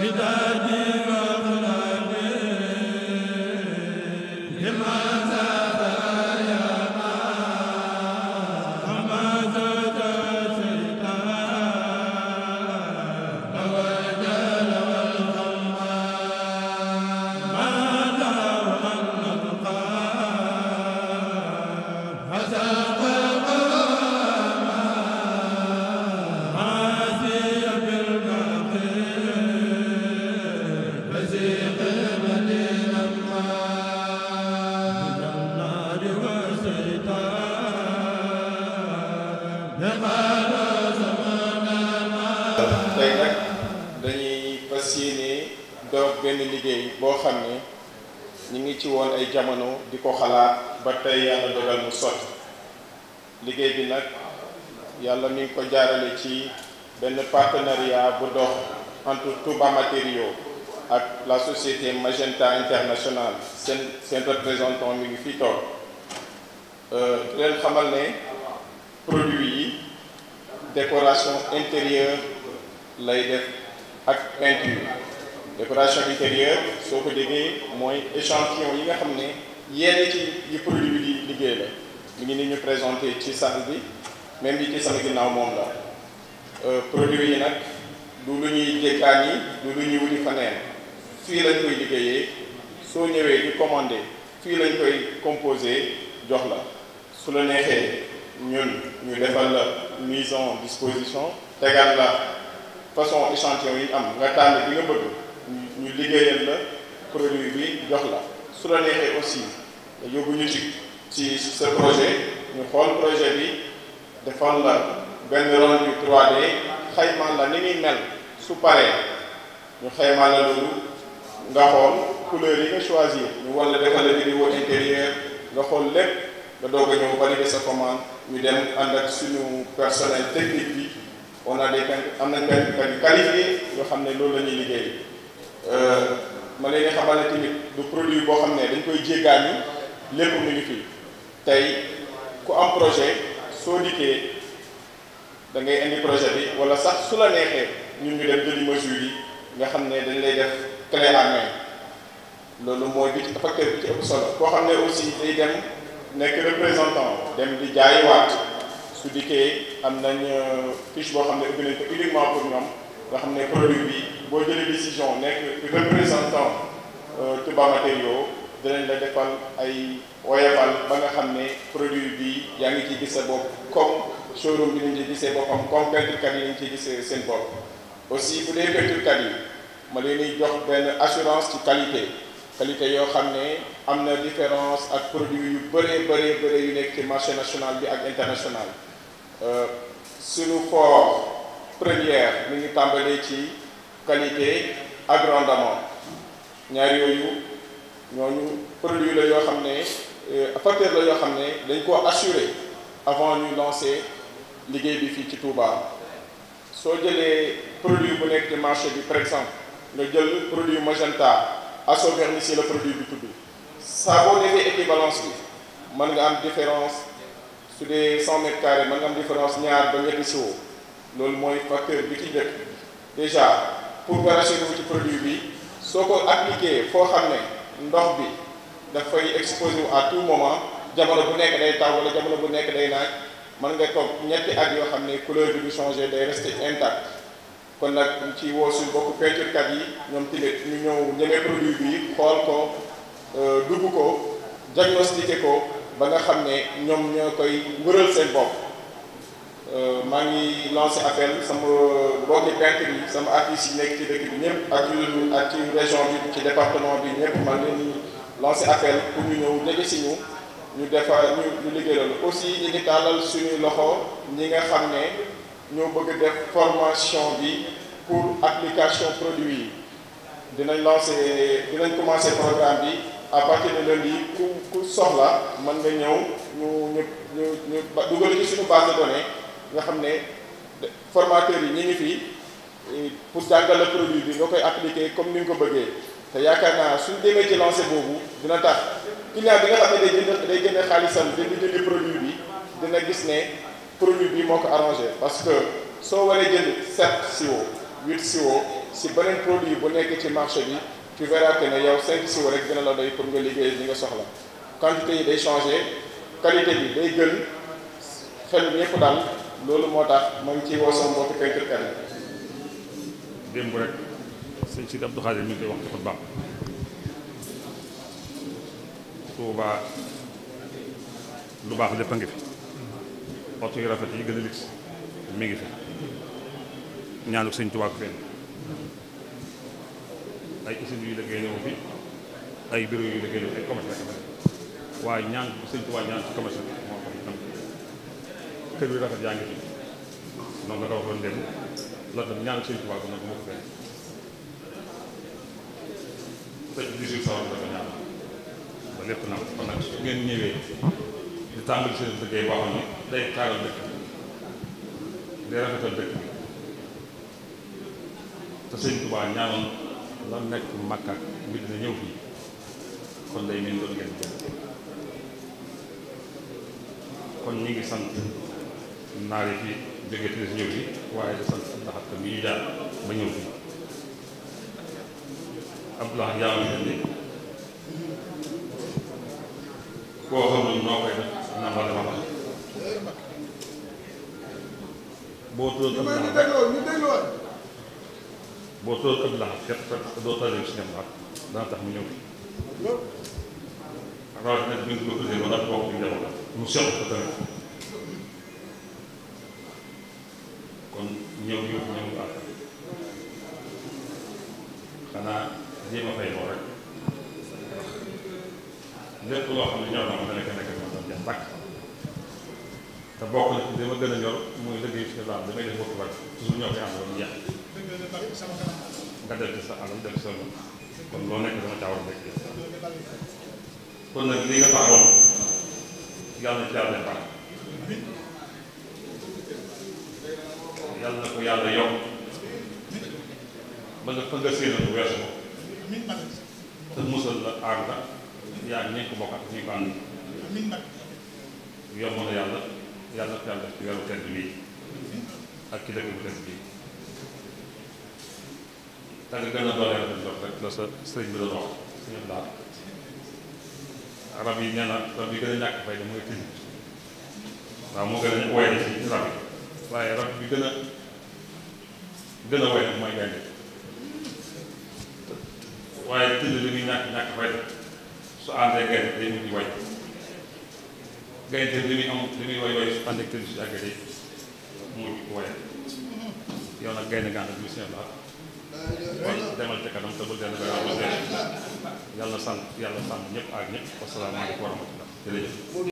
bi liggéey boo xam ne ñu ngi ci woon ay jamono di ko xalaat ba tey yàlla dogal mu liggéey bi nag yàlla mi ngi ko jaarale ci benn partenariat bu dox entre Touba Matériaux ak la société Magenta International seen seen représentant mi ngi fi toog euh, di xamal ne produit yi décoration intérieure lay def ak peinture décoration intérieure soo ko déggee mooy échantillon yi nga xam ne yenn ci yi produit bi di liggéey la mi ngi ni ñu présenté ci salle bi même bi ci sama ginnaaw moom la euh, produit yi nag du lu ñuy jéggaan yi du lu ñuy wuti faneen fii lañ koy liggéeyee soo ñëwee di commandé fii lañ koy composé jox la su la neexee ñun ñu defal la mise en disposition tegal la façon échantillon yi am nga tànn bi nga bëgg ñu liggéeyal la produit bi jox la su la neexee aussi nga yóbbu ñu ci ci sa projet ñu xool projet bi defal la benn ronde bi 3D xayma la ni muy mel su paree ñu xayma la loolu nga xool couleur yi nga choisir ñu war la defal la vidéo intérieur nga xool lépp nga doog a ñëw de sa commande ñu dem ànd ak suñu personnel technique bi on a des am na benn benn qualifié yoo xam ne loolu la ñuy liggéey. ma leen xamal ne tamit du produit boo xam ne dañ koy jéggaani lépp mu ngi fii tey ku am projet soo dikkee da ngay indi projet bi wala sax su la neexee ñun ñu dem jëli mesures yi nga xam ne dañ lay def clé en loolu mooy bi ci facteur bi ci ëpp solo koo xam ne aussi day dem nekk représentant dem di jaayiwaat su dikkee am nañ fiche boo xam ne ubbi nañ ko uniquement pour ñoom nga xam ne produit bi boo jëlee décision nekk représentant euh, Touba Matériaux dinañ la defal ay woyafal ba nga xam ne produit bi yaa ngi ci gis sa bopp comme showroom bi nañ ci gisee boppam comme peintrekat yi nañ ci gisee seen bopp aussi bu dee peintrekat yi ma leen jox benn assurance ci qualité qualité yoo xam ne am na différence ak produit yu bëree bëree bëree yu nekk ci marché national bi ak international euh, suñu for première mi ngi tàmbalee ci qualité ak rendement ñaar yooyu ñooñu produit la yoo xam ne facteur euh, la yoo xam ne dañ koo assurer avant ñu lancer liggéey bi fii ci Touba soo jëlee produit bu nekk ci marché bi par exemple nga jël produit magenta Asovernis la produit bi tudd saa boo defee équivalence bi man nga am différence su dee 100 mètres carrés mën nga am différence ñaar ba ñetti loolu mooy facteur bi ci njëkk déjà pour nga rassurer wu ci produit bi soo ko appliqué foo xam ne ndox bi dafay exposé wu à tout moment jamono bu nekk day taw wala jamono bu nekk day naaj man nga toog ñetti at yoo xam ne couleur bi du changé day resté intact kon nag ci woo suñu bokk peinturekat yi ñoom tamit ñu ñëw ñemee produit bi xool ko euh, dugg ko diagnostiqué ko ba nga xam ne ñoom ñoo koy wëral seen bopp Euh, maa ngi lancé appel sama mbokki peintre sama artistes yi ci dëkk bi ñëpp ak ak ci région bi ci département bi ñëpp maa ngi lancé appel pour ñu ñëw jege si ñu ñu defa ñu ñu liggéeyal aussi ñu tàllal suñuy loxo ñi nga xam ne ñoo bëgg def bi pour application produit yi dinañ lancé dinañ commencé programme bi à partir de lundi ku soxla mën nga ñëw ñu ñu ñu ñu dugal ci suñu base de données. nga xam ne formateurs yi ñu ngi fii pour jàngal la produit bi nga koy appliquer comme ni nga ko bëggee te yaakaar naa suñ demee ci lancé boobu dina tax client bi nga xam ne day jënd day génne xaalisam te du jëndi produit bi dina gis ne produit bi moo ko arrangé parce que soo waree jël set siwo huit siwo si beneen produit bu nekk ci marché bi ci verras que ne yow cinq siwo rek dina la doy pour nga liggéey li nga soxla quantité yi day changé qualité bi day gën xel ñëpp loolu moo tax ma ngi ciy woo sama mbokk rek sëñ Sidi Abdou Khadir mi ngi lu baax lépp a ngi fi oto yu rafet yi gën a lix mi ngi fi ñaanu sëñ Tuuba fenn ay usines yu liggéey ñëw fi ay bureau yu liggéey ñëw ay commerce la waaye ñaan sëñ Tuuba ñaan ci commerce kër yu rafet yaa ngi fi noonu la ko waxoon léegi loolu tam ñaan Sëriñ Tuubaa ba lépp na kon nag ngeen ñëwee di tàmbali seen liggéey boo xam ne day taaral dëkk day rafetal dëkk te Sëriñ Tuubaa ñaanoon la nekk Makka mbir na ñëw fii kon day mel loolu ngeen jël kon ñu ngi sant naa leen fi jóge te des ñëw bi waaye di sant Abdou ba ñëw bi Abdou Lahad yaa ma ni koo xam ne noo koy def na ma dama wax boo tudd Abdou Lahad boo tudd Abdou Lahad fekk doo tàllee si ñam dana tax mu ñëw bi rawatina bi nga ko tuddee ba mu sew ko te bokk na ci dama gën a ñor muy liggéey nag li nga baaxoon yàlla yàlla ko yàlla yokk ba nga fa nga séenal bu weesu ko te musal la aar la yaa ngi ko bokk ak ñuy bànn yomb na yàlla yàlla na ko yàlla def ci weeru tedd bii ak ci gën a dooleel rek rab yi nee rab yi gën a ñàkk fay mooy tin waaw moo gën a woye nag mooy gaynde waaye tin li muy ñàkk ñàkk fay su àndee gaynde day mujj way gaynde li muy am li muy woy woy su ànd ak tëdd si àggale mu ngi ko yow nag gaynde nga ànd ak muy seen demal ca kanam te bul dellu ba yàlla sant yàlla sant ñëpp a ñëpp wasalaamaaleykum wa rahmatullah jërëjëf